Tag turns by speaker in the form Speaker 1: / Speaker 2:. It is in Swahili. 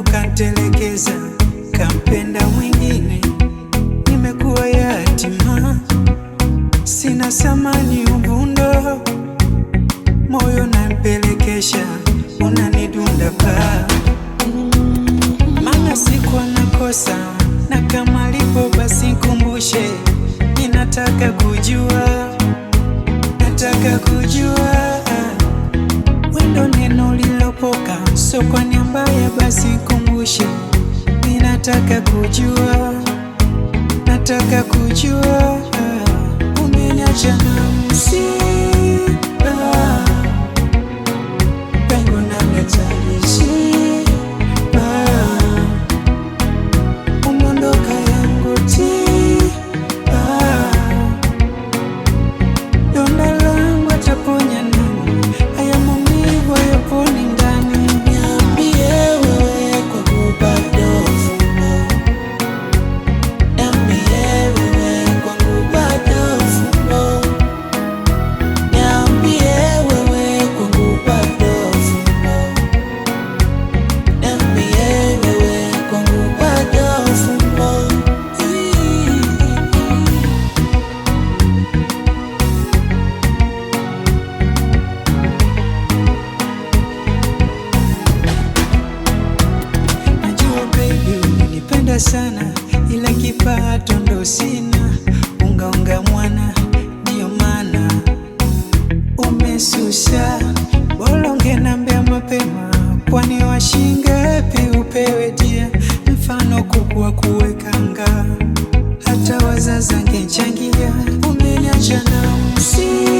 Speaker 1: ukantelekeza kampenda mwingine, nimekuwa yatima, sina samani uvundo, moyo nampelekesha, unanidunda pa mana sikuwa nakosa, na kama lipo basi kumbushe, ninataka kujua, nataka kujua Sio kwa nia mbaya, basi kumbushe, ninataka kujua, nataka kujua napenda sana ila kipato ndo sina, ungaunga mwana ndio maana umesusha. Bora ungenambia mapema, kwani washingapi upewe jia mfano kukua kuwekanga, hata wazazi angechangia, umeniacha na msi